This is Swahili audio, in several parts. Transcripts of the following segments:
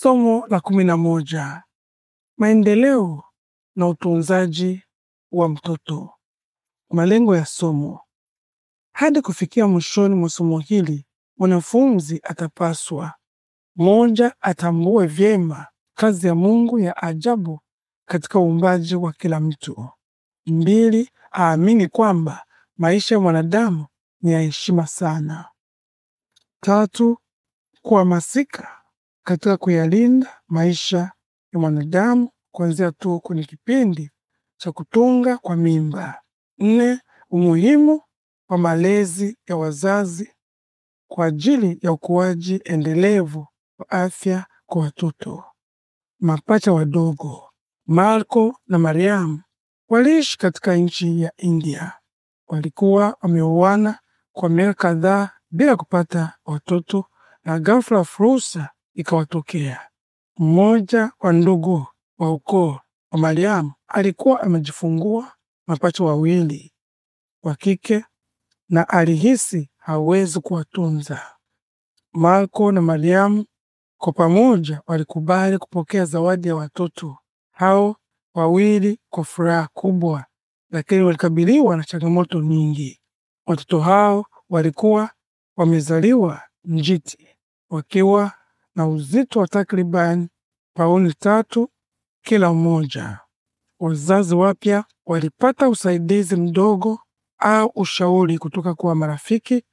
Somo la kumi na moja: maendeleo na utunzaji wa mtoto. Malengo ya somo: hadi kufikia mwishoni mwa somo hili, mwanafunzi atapaswa: moja, atambue vyema kazi ya Mungu ya ajabu katika uumbaji wa kila mtu; mbili, aamini kwamba maisha ya mwanadamu ni ya heshima sana; tatu, kuhamasika katika kuyalinda maisha ya mwanadamu kuanzia tu kwenye kipindi cha kutunga kwa mimba. Nne, umuhimu wa malezi ya wazazi kwa ajili ya ukuaji endelevu wa afya kwa watoto. Mapacha wadogo Marco na mariamu waliishi katika nchi ya India. Walikuwa wameoana kwa miaka kadhaa bila kupata watoto, na ghafla fursa ikawatokea mmoja wa ndugu wa ukoo wa Mariamu alikuwa amejifungua mapacha wawili wa kike na alihisi hawezi kuwatunza. Marko na Mariamu kwa pamoja walikubali kupokea zawadi ya watoto hao wawili kwa furaha kubwa, lakini walikabiliwa na changamoto nyingi. Watoto hao walikuwa wamezaliwa njiti wakiwa na uzito wa takribani pauni tatu kila mmoja. Wazazi wapya walipata usaidizi mdogo au ushauri kutoka kwa marafiki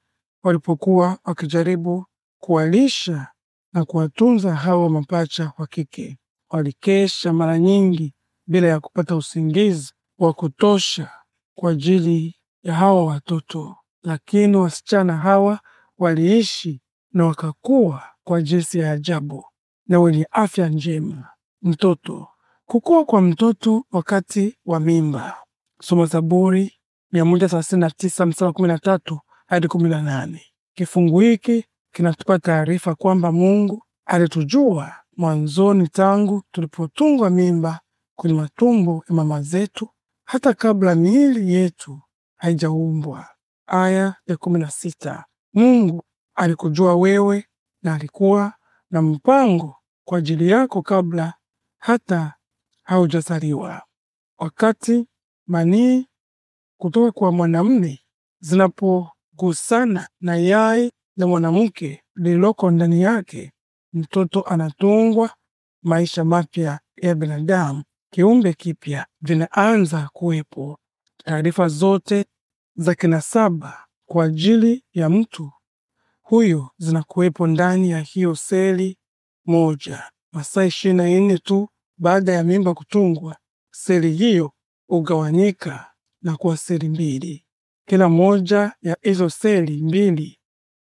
walipokuwa wakijaribu kuwalisha na kuwatunza hawa mapacha wa kike. Walikesha mara nyingi bila ya kupata usingizi wa kutosha kwa ajili ya hawa watoto, lakini wasichana hawa waliishi na wakakuwa kwa jinsi ya ajabu na wenye afya njema. Mtoto kukua kwa mtoto wakati wa mimba. Soma Zaburi 139 mstari 13 hadi 18. Kifungu hiki kinatupa taarifa kwamba Mungu alitujua mwanzoni tangu tulipotungwa mimba kwenye matumbo ya mama zetu hata kabla miili yetu haijaumbwa. Aya ya 16. Mungu alikujua wewe na alikuwa na mpango kwa ajili yako kabla hata haujazaliwa. Wakati manii kutoka kwa mwanamume zinapogusana na yai la mwanamke lililoko ndani yake, mtoto anatungwa. Maisha mapya ya binadamu, kiumbe kipya, vinaanza kuwepo. Taarifa zote za kinasaba kwa ajili ya mtu huyo zinakuwepo ndani ya hiyo seli moja masaa ishirini na nne tu baada ya mimba kutungwa, seli hiyo hugawanyika na kuwa seli mbili. Kila moja ya hizo seli mbili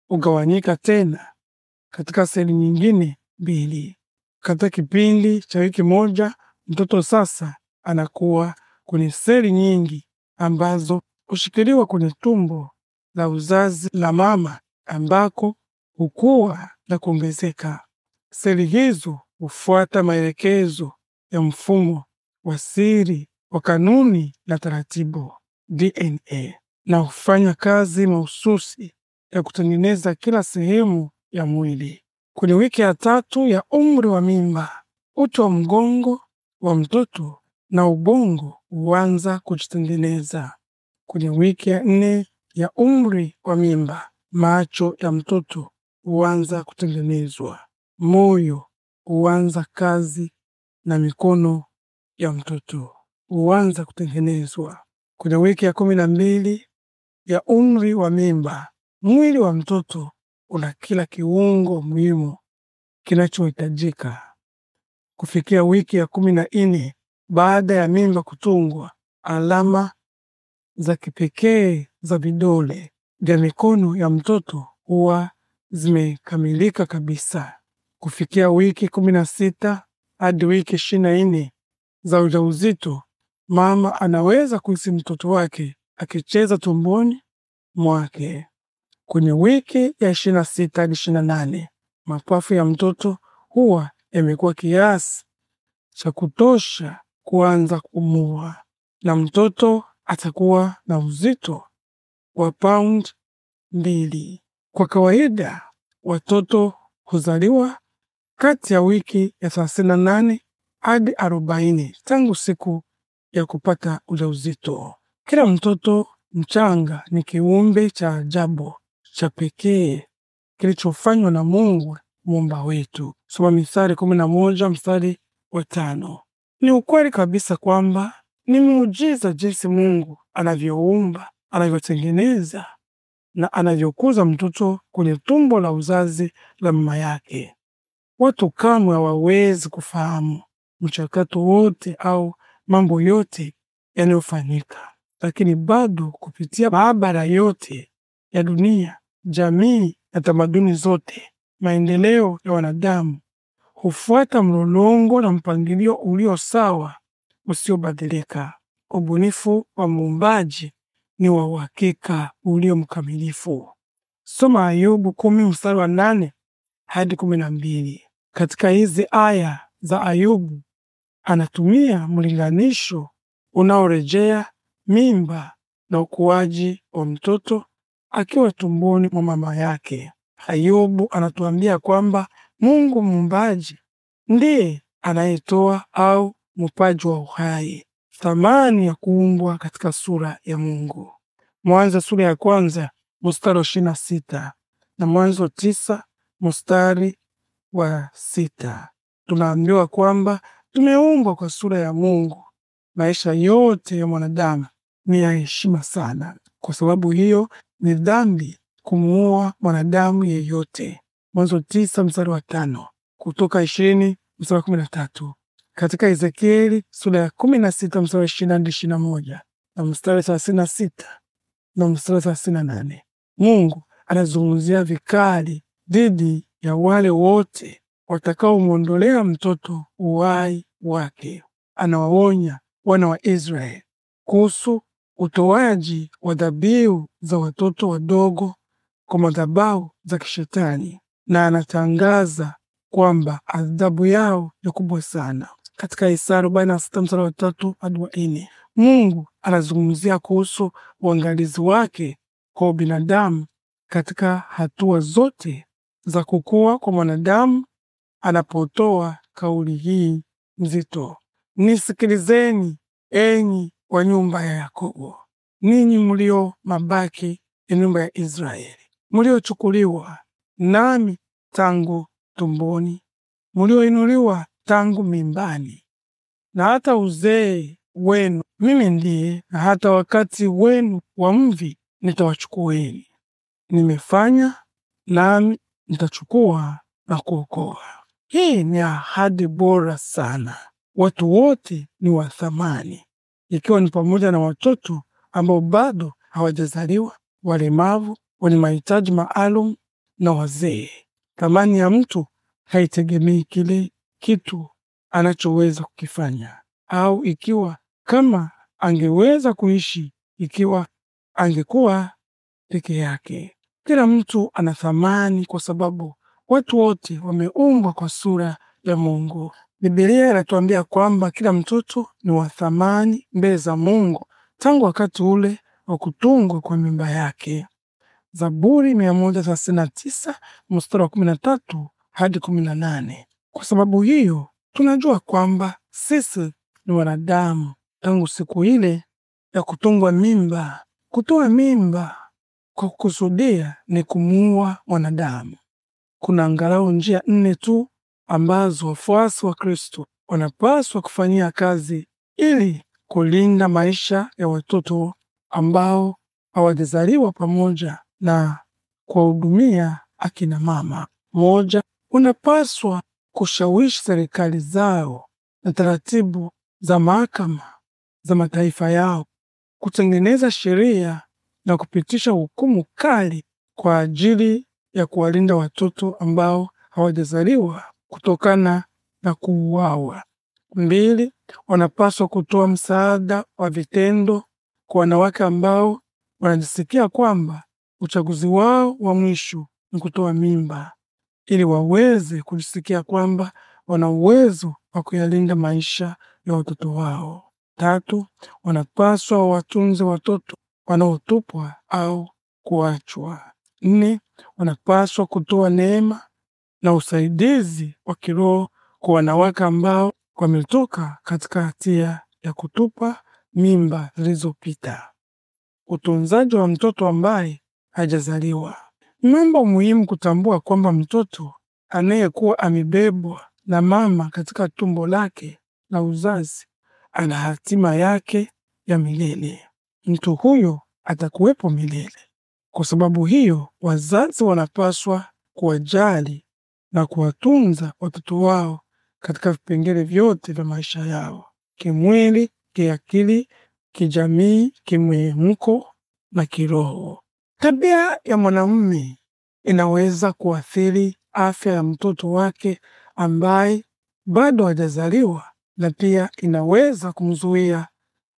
hugawanyika tena katika seli nyingine mbili. Katika kipindi cha wiki moja, mtoto sasa anakuwa kwenye seli nyingi ambazo hushikiliwa kwenye tumbo la uzazi la mama ambako hukua na kuongezeka. Seli hizo hufuata maelekezo ya mfumo wa siri wa kanuni na taratibu DNA na hufanya kazi mahususi ya kutengeneza kila sehemu ya mwili. Kwenye wiki ya tatu ya umri wa mimba, uti wa mgongo wa mtoto na ubongo huanza kujitengeneza. Kwenye wiki ya nne ya umri wa mimba, macho ya mtoto huanza kutengenezwa, moyo huanza kazi na mikono ya mtoto huanza kutengenezwa. Kwenye wiki ya kumi na mbili ya umri wa mimba, mwili wa mtoto una kila kiungo muhimu kinachohitajika. Kufikia wiki ya kumi na nne baada ya mimba kutungwa, alama za kipekee za vidole vya mikono ya mtoto huwa zimekamilika kabisa kufikia wiki kumi na sita hadi wiki ishirini na nne za ujauzito. Mama anaweza kuhisi mtoto wake akicheza tumboni mwake. Kwenye wiki ya ishirini na sita hadi ishirini na nane mapafu ya mtoto huwa yamekuwa kiasi cha kutosha kuanza kumua na mtoto atakuwa na uzito wa pound mbili. Kwa kawaida watoto huzaliwa kati ya wiki ya 38 hadi 40 tangu siku ya kupata ujauzito. Kila mtoto mchanga ni kiumbe cha ajabu cha pekee kilichofanywa na Mungu muumba wetu. Soma Mithali 11 mstari wa tano. Ni ukweli kabisa kwamba ni muujiza jinsi Mungu anavyoumba anavyotengeneza na anavyokuza mtoto kwenye tumbo la uzazi la mama yake. Watu kamwe hawawezi kufahamu mchakato wote au mambo yote yanayofanyika, lakini bado kupitia maabara yote ya dunia, jamii na tamaduni zote, maendeleo ya wanadamu hufuata mlolongo na mpangilio ulio sawa, usiobadilika. Ubunifu wa muumbaji ni wa uhakika ulio mkamilifu. Soma Ayubu kumi mstari wa nane hadi kumi na mbili. Katika hizi aya za Ayubu anatumia mlinganisho unaorejea mimba na ukuaji wa mtoto akiwa tumboni mwa mama yake. Ayubu anatuambia kwamba Mungu muumbaji ndiye anayetoa au mupaji wa uhai, thamani ya kuumbwa katika sura ya Mungu. Mwanzo sura ya kwanza mstari wa ishirini na sita na Mwanzo tisa mstari wa sita tunaambiwa kwamba tumeumbwa kwa sura ya Mungu. Maisha yote ya mwanadamu ni ya heshima sana. Kwa sababu hiyo, ni dhambi kumuua mwanadamu yeyote. Mwanzo tisa mstari wa tano Kutoka ishirini mstari wa kumi na tatu katika Ezekieli sura ya kumi na sita mstari wa ishirini hadi ishirini na moja na mstari thelathini na sita na mstari thelathini na nane Mungu anazungumzia vikali dhidi ya wale wote watakaomwondolea mtoto uhai wake. Anawaonya wana wa Israeli kuhusu utoaji wa dhabihu za watoto wadogo kwa madhabahu za kishetani, na anatangaza kwamba adhabu yao ni kubwa sana katika Isaya arobaini sita mstari wa tatu hadi wa nne. Mungu anazungumzia kuhusu uangalizi wake kwa binadamu katika hatua zote za kukua kwa mwanadamu. Anapotoa kauli hii nzito, nisikilizeni enyi wa nyumba ya Yakobo, ninyi mlio mabaki ya nyumba ya Israeli, mliochukuliwa nami tangu tumboni, mlioinuliwa tangu mimbani, na hata uzee wenu mimi ndiye, na hata wakati wenu wa mvi nitawachukueni. Nimefanya nami nitachukua na kuokoa. Hii ni ahadi bora sana. Watu wote ni wa thamani, ikiwa ni pamoja na watoto ambao bado hawajazaliwa, walemavu, wenye mahitaji maalum na wazee. Thamani ya mtu haitegemei kile kitu anachoweza kukifanya, au ikiwa kama angeweza kuishi ikiwa angekuwa peke yake. Kila mtu ana thamani kwa sababu watu wote wameumbwa kwa sura ya Mungu. Biblia inatuambia kwamba kila mtoto ni wa thamani mbele za Mungu tangu wakati ule wa kutungwa kwa mimba yake. Zaburi 139 mstari wa 13 hadi 18. Kwa sababu hiyo, tunajua kwamba sisi ni wanadamu tangu siku ile ya kutungwa mimba. Kutoa mimba kwa kukusudia ni kumuua mwanadamu. Kuna angalau njia nne tu ambazo wafuasi wa Kristo wanapaswa kufanyia kazi ili kulinda maisha ya watoto ambao hawajazaliwa pamoja na kuwahudumia akina mama. Moja, unapaswa kushawishi serikali zao na taratibu za mahakama za mataifa yao kutengeneza sheria na kupitisha hukumu kali kwa ajili ya kuwalinda watoto ambao hawajazaliwa kutokana na kuuawa. Mbili, wanapaswa kutoa msaada wa vitendo kwa wanawake ambao wanajisikia kwamba uchaguzi wao wa mwisho ni kutoa mimba ili waweze kujisikia kwamba wana uwezo wa kuyalinda maisha ya watoto wao. Tatu, wanapaswa watunze watoto wanaotupwa au kuachwa. Nne, wanapaswa kutoa neema na usaidizi wa kiroho kwa wanawake ambao wametoka katika hatia ya kutupa mimba zilizopita. Utunzaji wa mtoto ambaye hajazaliwa. Mambo muhimu kutambua kwamba mtoto anayekuwa amebebwa na mama katika tumbo lake la uzazi ana hatima yake ya milele. Mtu huyo atakuwepo milele. Kwa sababu hiyo, wazazi wanapaswa kuwajali na kuwatunza watoto wao katika vipengele vyote vya maisha yao: kimwili, kiakili, kijamii, kimwemko na kiroho. Tabia ya mwanamume inaweza kuathiri afya ya mtoto wake ambaye bado hajazaliwa na pia inaweza kumzuia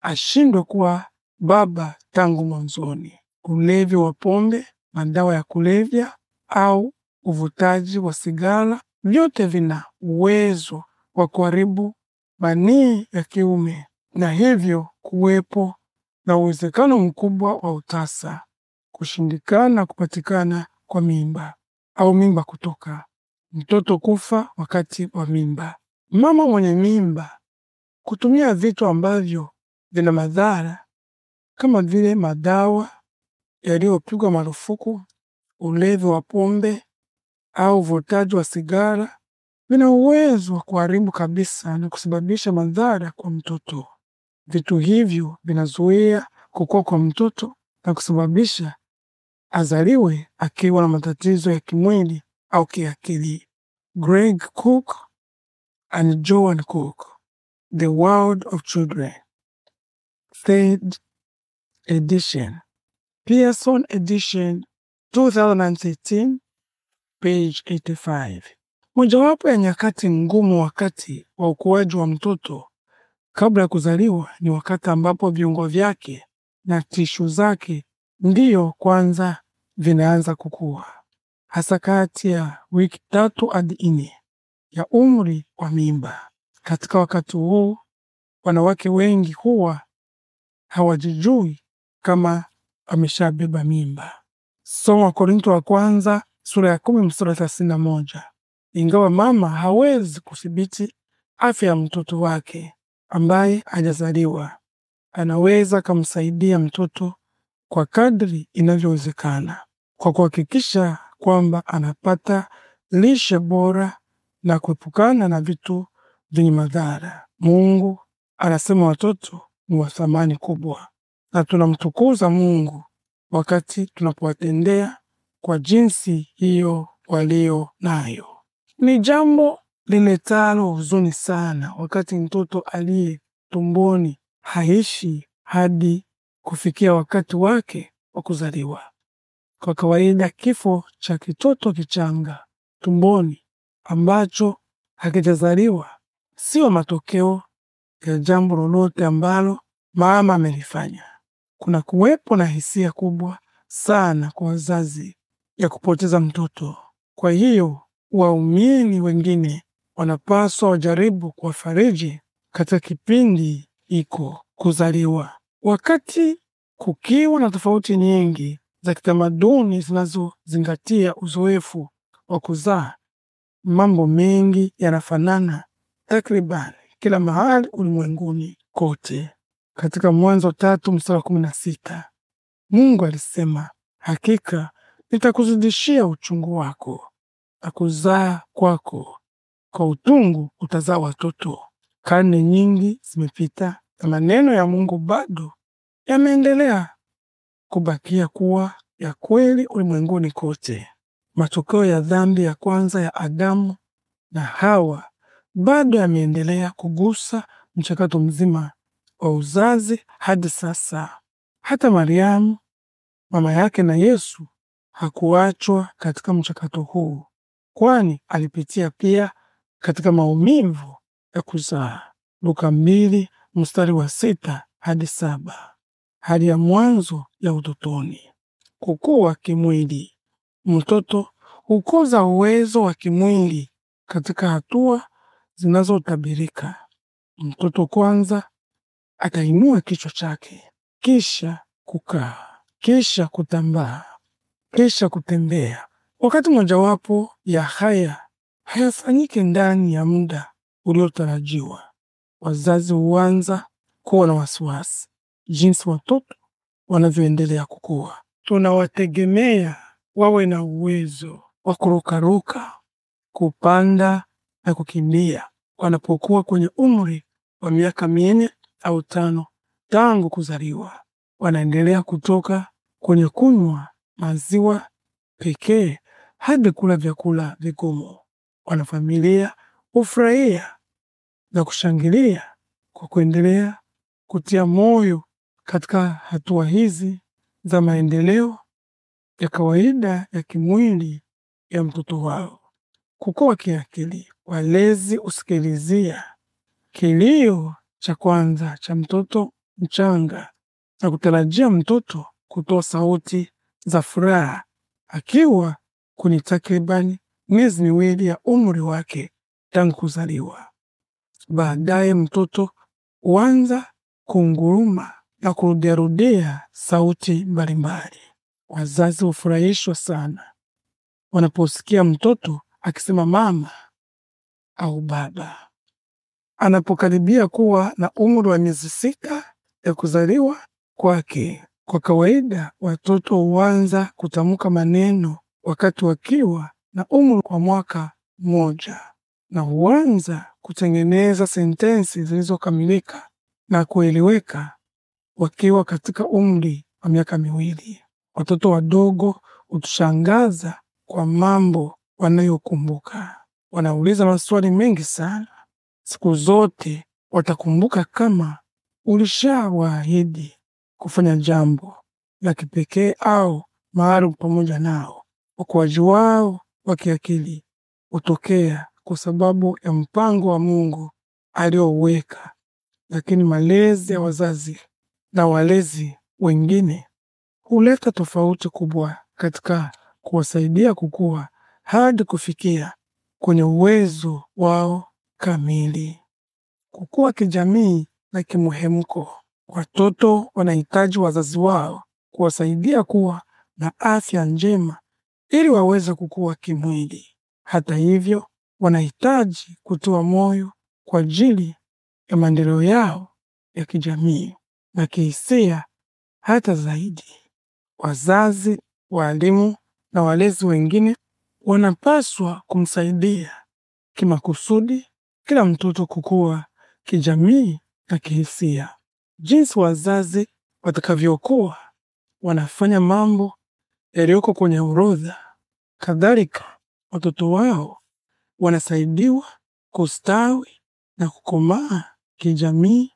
ashindwe kuwa baba tangu mwanzoni. Ulevi wa pombe, madawa ya kulevya au uvutaji wa sigara, vyote vina uwezo wa kuharibu manii ya kiume na hivyo kuwepo na uwezekano mkubwa wa utasa kushindikana kupatikana kwa mimba au mimba kutoka, mtoto kufa wakati wa mimba, mama mwenye mimba kutumia vitu ambavyo vina madhara kama vile madawa yaliyopigwa marufuku, ulevi wa pombe au uvutaji wa sigara vina uwezo wa kuharibu kabisa na kusababisha madhara kwa mtoto. Vitu hivyo vinazuia kukua kwa mtoto na kusababisha azaliwe akiwa na matatizo ya kimwili au kiakili. Greg Cook and Joan Cook, The World of Children, Third Edition, Pearson Edition, 2013, page 85. Mojawapo ya nyakati ngumu wakati wa ukuaji wa mtoto kabla ya kuzaliwa ni wakati ambapo viungo vyake na tishu zake ndiyo kwanza vinaanza kukua, hasa kati ya wiki tatu hadi nne ya umri wa mimba. Katika wakati huu wanawake wengi huwa hawajijui kama ameshabeba mimba. wa Korinto wa kwanza sura ya kumi mstari thelathini na moja. Ingawa mama hawezi kudhibiti afya ya mtoto wake ambaye hajazaliwa, anaweza akamsaidia mtoto kwa kadri inavyowezekana kwa kuhakikisha kwamba anapata lishe bora na kuepukana na vitu vyenye madhara. Mungu anasema watoto ni wa thamani kubwa, na tunamtukuza Mungu wakati tunapowatendea kwa jinsi hiyo walio nayo. Ni jambo liletalo huzuni sana wakati mtoto aliye tumboni haishi hadi kufikia wakati wake wa kuzaliwa. Kwa kawaida, kifo cha kitoto kichanga tumboni ambacho hakijazaliwa sio matokeo ya jambo lolote ambalo mama amelifanya. Kuna kuwepo na hisia kubwa sana kwa wazazi ya kupoteza mtoto. Kwa hiyo, waumini wengine wanapaswa wajaribu kuwafariji katika kipindi iko kuzaliwa Wakati kukiwa na tofauti nyingi za kitamaduni zinazozingatia uzoefu wa kuzaa, mambo mengi yanafanana takriban kila mahali ulimwenguni kote. Katika Mwanzo tatu mstari wa kumi na sita Mungu alisema, hakika nitakuzidishia uchungu wako na kuzaa kwako, kwa utungu utazaa watoto. Karne nyingi zimepita maneno ya Mungu bado yameendelea kubakia kuwa ya kweli ulimwenguni kote. Matokeo ya dhambi ya kwanza ya Adamu na Hawa bado yameendelea kugusa mchakato mzima wa uzazi hadi sasa. Hata Mariamu mama yake na Yesu hakuachwa katika mchakato huu, kwani alipitia pia katika maumivu ya kuzaa. Luka mbili mstari wa sita hadi saba hali ya mwanzo ya utotoni. Kukua kimwili: mtoto hukuza uwezo wa kimwili katika hatua zinazotabirika. Mtoto kwanza atainua kichwa chake, kisha kukaa, kisha kutambaa, kisha kutembea. Wakati mojawapo ya haya hayafanyike ndani ya muda uliotarajiwa, wazazi huanza kuwa na wasiwasi jinsi watoto wanavyoendelea kukua. Tunawategemea wawe na uwezo wa kurukaruka, kupanda na kukimbia wanapokuwa kwenye umri wa miaka minne au tano tangu kuzaliwa. Wanaendelea kutoka kwenye kunywa maziwa pekee hadi kula vyakula vigumu. Wanafamilia hufurahia na kushangilia kwa kuendelea kutia moyo katika hatua hizi za maendeleo ya kawaida ya kimwili ya mtoto wao. Kukua kiakili, walezi usikilizia kilio cha kwanza cha mtoto mchanga na kutarajia mtoto kutoa sauti za furaha akiwa kwenye takribani miezi miwili ya umri wake tangu kuzaliwa. Baadaye mtoto huanza kunguruma na kurudiarudia sauti mbalimbali. Wazazi hufurahishwa sana wanaposikia mtoto akisema mama au baba. Anapokaribia kuwa na umri wa miezi sita ya kuzaliwa kwake, kwa kawaida watoto huanza kutamka maneno wakati wakiwa na umri wa mwaka mmoja na huanza kutengeneza sentensi zilizokamilika na kueleweka wakiwa katika umri wa miaka miwili. Watoto wadogo hutushangaza kwa mambo wanayokumbuka. Wanauliza maswali mengi sana. Siku zote watakumbuka kama ulishawaahidi kufanya jambo la kipekee au maalum pamoja nao. Ukuaji wao wa kiakili hutokea kwa sababu ya mpango wa Mungu alioweka lakini malezi ya wazazi na walezi wengine huleta tofauti kubwa katika kuwasaidia kukua hadi kufikia kwenye uwezo wao kamili. Kukua kijamii na kimuhemko, watoto wanahitaji wazazi wao kuwasaidia kuwa na afya njema ili waweze kukua kimwili. Hata hivyo, wanahitaji kutoa moyo kwa ajili ya maendeleo yao ya kijamii na kihisia. Hata zaidi, wazazi, walimu na walezi wengine wanapaswa kumsaidia kimakusudi kila mtoto kukua kijamii na kihisia. Jinsi wazazi watakavyokuwa wanafanya mambo yaliyoko kwenye orodha, kadhalika watoto wao wanasaidiwa kustawi na kukomaa kijamii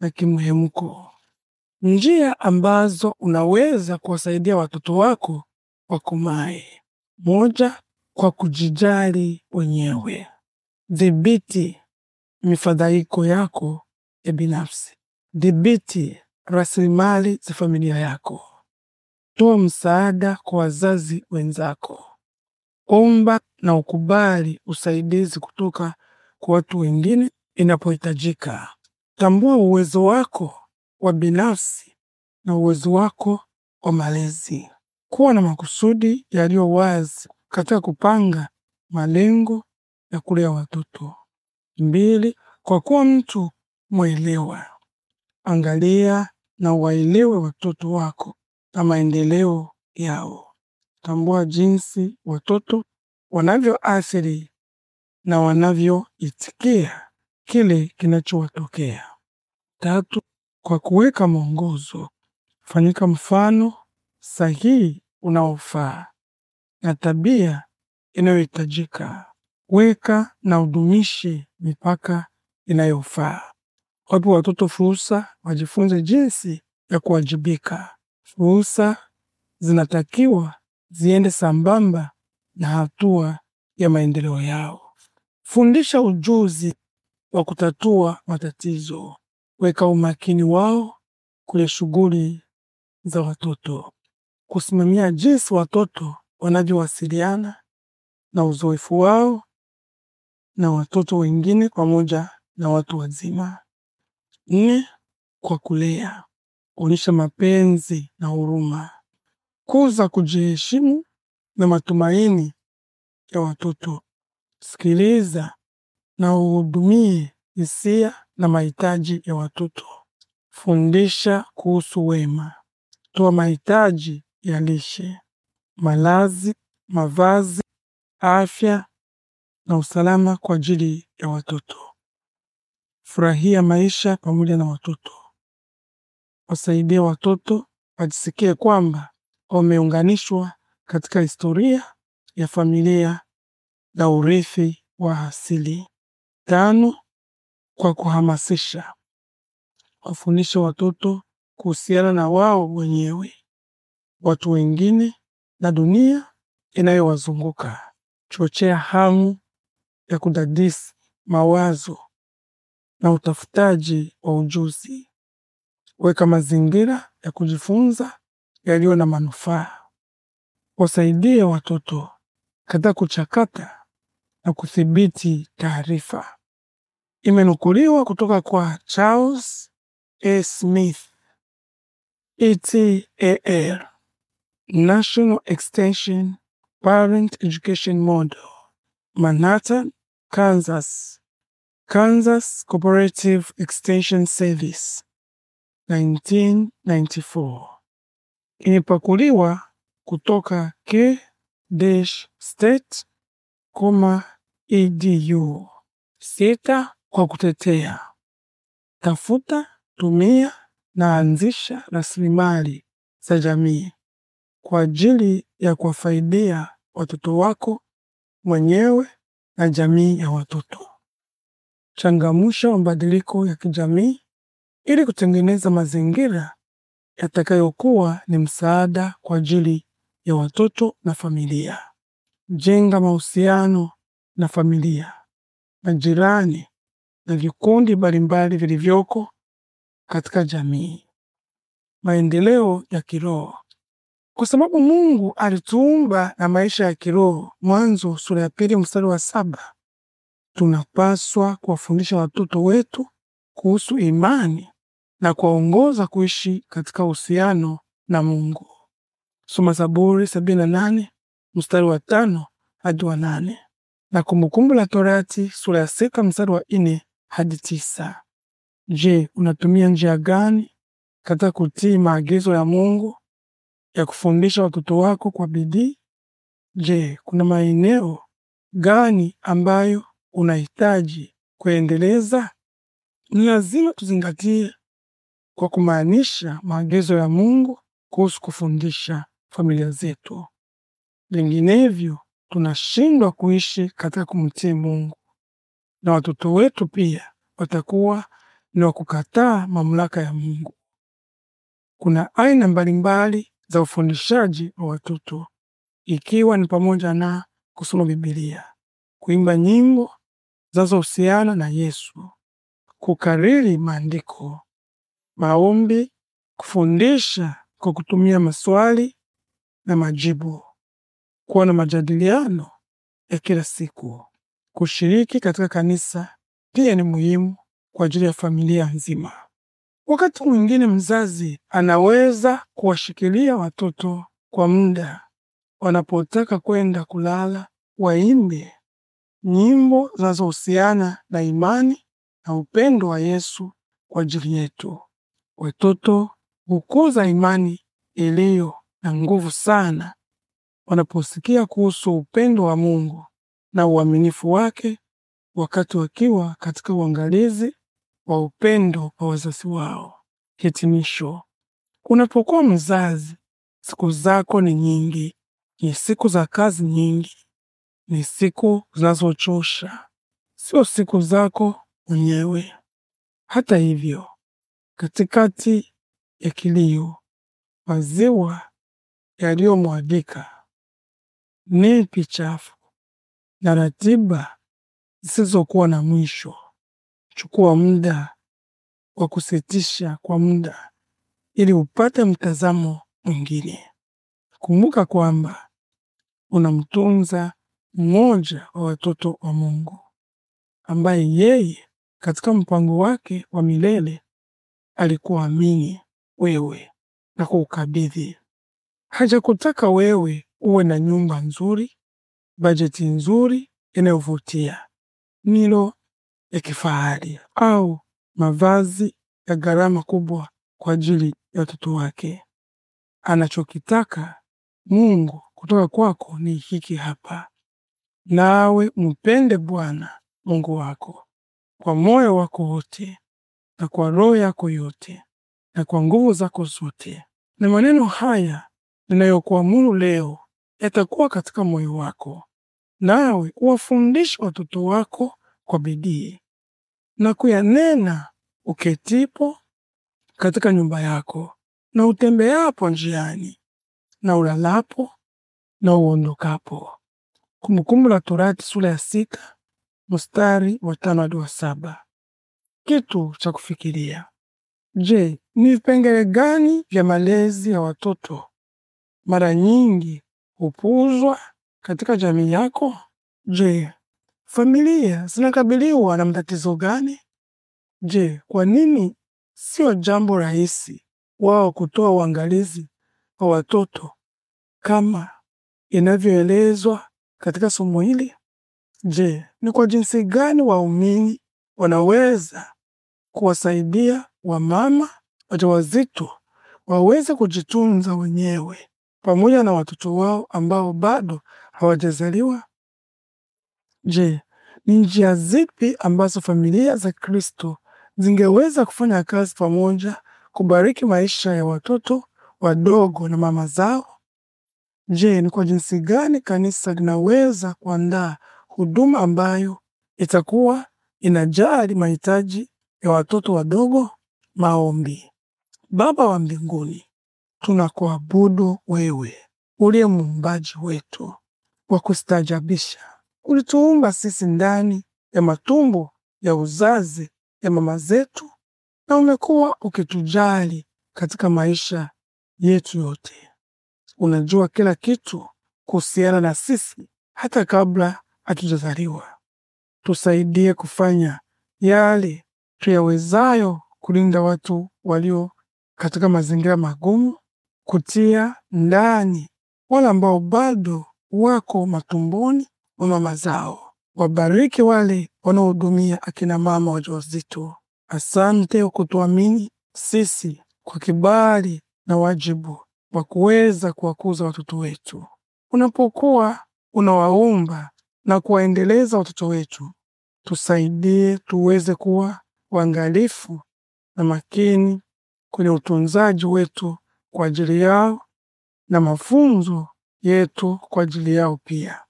na kimhemko. Njia ambazo unaweza kuwasaidia watoto wako wakomae: moja, kwa kujijali wenyewe. Dhibiti mifadhaiko yako ya binafsi. Dhibiti rasilimali za familia yako. Toa msaada kwa wazazi wenzako. Omba na ukubali usaidizi kutoka kwa watu wengine inapohitajika. Tambua uwezo wako wa binafsi na uwezo wako wa malezi. Kuwa na makusudi yaliyo wazi katika kupanga malengo ya kulea watoto. Mbili, kwa kuwa mtu mwelewa, angalia na waelewe watoto wako na maendeleo yao. Tambua jinsi watoto wanavyoathiri na wanavyoitikia kile kinachowatokea. Tatu, kwa kuweka mwongozo, fanyika mfano sahihi unaofaa na tabia inayohitajika. Weka na udumishi mipaka inayofaa. Wape watoto fursa wajifunze jinsi ya kuwajibika. Fursa zinatakiwa ziende sambamba na hatua ya maendeleo yao. Fundisha ujuzi wa kutatua matatizo. Weka umakini wao kule shughuli za watoto. Kusimamia jinsi watoto wanavyowasiliana na uzoefu wao na watoto wengine pamoja na watu wazima. Nne, kwa kulea. Onyesha mapenzi na huruma. Kuza kujiheshimu na matumaini ya watoto. Sikiliza na uhudumie hisia na mahitaji ya watoto. Fundisha kuhusu wema. Toa mahitaji ya lishe, malazi, mavazi, afya na usalama kwa ajili ya watoto. Furahia maisha pamoja na watoto. Wasaidie watoto wajisikie kwamba wameunganishwa katika historia ya familia na urithi wa asili. Tano, kwa kuhamasisha, wafundishe watoto kuhusiana na wao wenyewe, watu wengine na dunia inayowazunguka. Chochea hamu ya kudadisi mawazo na utafutaji wa ujuzi. Weka mazingira ya kujifunza yaliyo na manufaa wasaidie watoto katika kuchakata na kudhibiti taarifa. Imenukuliwa kutoka kwa Charles A. Smith, ETAL, National Extension Parent Education Model, Manhattan, Kansas, Kansas Cooperative Extension Service, 1994. Imepakuliwa kutoka k-state.edu. Sita, kwa kutetea: tafuta, tumia na anzisha rasilimali za jamii kwa ajili ya kuwafaidia watoto wako mwenyewe na jamii ya watoto. Changamsha mabadiliko ya kijamii ili kutengeneza mazingira yatakayokuwa ni msaada kwa ajili ya watoto na familia. Jenga mahusiano na familia, majirani na vikundi mbalimbali vilivyoko katika jamii. Maendeleo ya kiroho kwa sababu Mungu alituumba na maisha ya kiroho. Mwanzo sura ya pili mstari wa saba. Tunapaswa kuwafundisha watoto wetu kuhusu imani na kuwaongoza kuishi katika uhusiano na Mungu. Soma Zaburi sabini na nane mstari wa tano hadi wa nane na Kumbukumbu la Torati sura ya sita mstari wa nne hadi tisa. Je, unatumia njia gani katika kutii maagizo ya Mungu ya kufundisha watoto wako kwa bidii? Je, kuna maeneo gani ambayo unahitaji kuendeleza? Ni lazima tuzingatie kwa kumaanisha maagizo ya Mungu kuhusu kufundisha familia zetu, vinginevyo tunashindwa kuishi katika kumtii Mungu na watoto wetu pia watakuwa ni wa kukataa mamlaka ya Mungu. Kuna aina mbalimbali za ufundishaji wa watoto, ikiwa ni pamoja na kusoma Biblia, kuimba nyimbo zinazohusiana na Yesu, kukariri maandiko, maombi, kufundisha kwa kutumia maswali na majibu, kuwa na majadiliano ya kila siku. Kushiriki katika kanisa pia ni muhimu kwa ajili ya familia nzima. Wakati mwingine mzazi anaweza kuwashikilia watoto kwa muda wanapotaka kwenda kulala, waimbe nyimbo zinazohusiana na imani na upendo wa Yesu kwa ajili yetu. Watoto hukuza imani iliyo na nguvu sana wanaposikia kuhusu upendo wa Mungu na uaminifu wake wakati wakiwa katika uangalizi wa upendo kwa wazazi wao. Hitimisho: unapokuwa mzazi, siku zako ni nyingi, ni siku za kazi nyingi, ni siku zinazochosha, sio siku zako mwenyewe. Hata hivyo, katikati ya kilio, maziwa yaliyomwagika, nepi chafu na ratiba zisizokuwa na mwisho. Chukua muda wa kusitisha kwa muda ili upate mtazamo mwingine. Kumbuka kwamba unamtunza mmoja wa watoto wa Mungu ambaye yeye katika mpango wake wa milele alikuamini wewe na kuukabidhi hajakutaka wewe uwe na nyumba nzuri, bajeti nzuri inayovutia, milo ya kifahari au mavazi ya gharama kubwa kwa ajili ya watoto wake. Anachokitaka Mungu kutoka kwako ni hiki hapa: nawe mpende Bwana Mungu wako kwa moyo wako wote na kwa roho yako yote na kwa nguvu zako zote. Na maneno haya ninayokuamuru leo yatakuwa katika moyo wako, nawe uwafundishe watoto wako kwa bidii na kuyanena uketipo katika nyumba yako na utembeapo njiani na ulalapo na uondokapo. Kumbukumbu la Torati sura ya sita mstari wa tano hadi wa saba. Kitu cha kufikiria: Je, ni vipengele gani vya malezi ya watoto mara nyingi hupuuzwa katika jamii yako? Je, familia zinakabiliwa na matatizo gani? Je, kwa nini sio jambo rahisi wao kutoa uangalizi kwa watoto kama inavyoelezwa katika somo hili? Je, ni kwa jinsi gani waumini wanaweza kuwasaidia wamama wajawazito waweze kujitunza wenyewe pamoja na watoto wao ambao bado hawajazaliwa? Je, ni njia zipi ambazo familia za Kristo zingeweza kufanya kazi pamoja kubariki maisha ya watoto wadogo na mama zao? Je, ni kwa jinsi gani kanisa linaweza kuandaa huduma ambayo itakuwa inajali mahitaji ya watoto wadogo? Maombi. Baba wa mbinguni, tunakuabudu wewe uliye muumbaji wetu wa kustajabisha. Ulituumba sisi ndani ya matumbo ya uzazi ya mama zetu, na umekuwa ukitujali katika maisha yetu yote. Unajua kila kitu kuhusiana na sisi hata kabla hatujazaliwa. Tusaidie kufanya yale tuyawezayo kulinda watu walio katika mazingira magumu kutia ndani wale ambao bado wako matumboni wa mama zao. Wabariki wale wanaohudumia akina mama wajawazito. Asante kwa kutuamini sisi kwa kibali na wajibu wa kuweza kuwakuza watoto wetu. Unapokuwa unawaumba na kuwaendeleza watoto wetu, tusaidie tuweze kuwa waangalifu na makini kwenye utunzaji wetu kwa ajili yao na mafunzo yetu kwa ajili yao pia.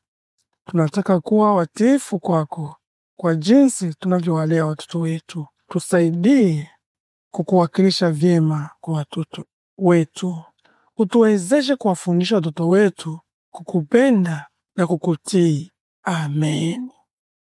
Tunataka kuwa watiifu kwako kwa jinsi tunavyowalea watoto wetu. Tusaidie kukuwakilisha vyema kwa watoto wetu, utuwezeshe kuwafundisha watoto wetu kukupenda na kukutii. Amen.